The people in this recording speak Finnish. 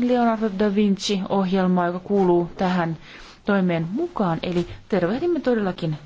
Leonardo da Vinci-ohjelmaa, joka kuuluu tähän toimeen mukaan. Eli tervehdimme todellakin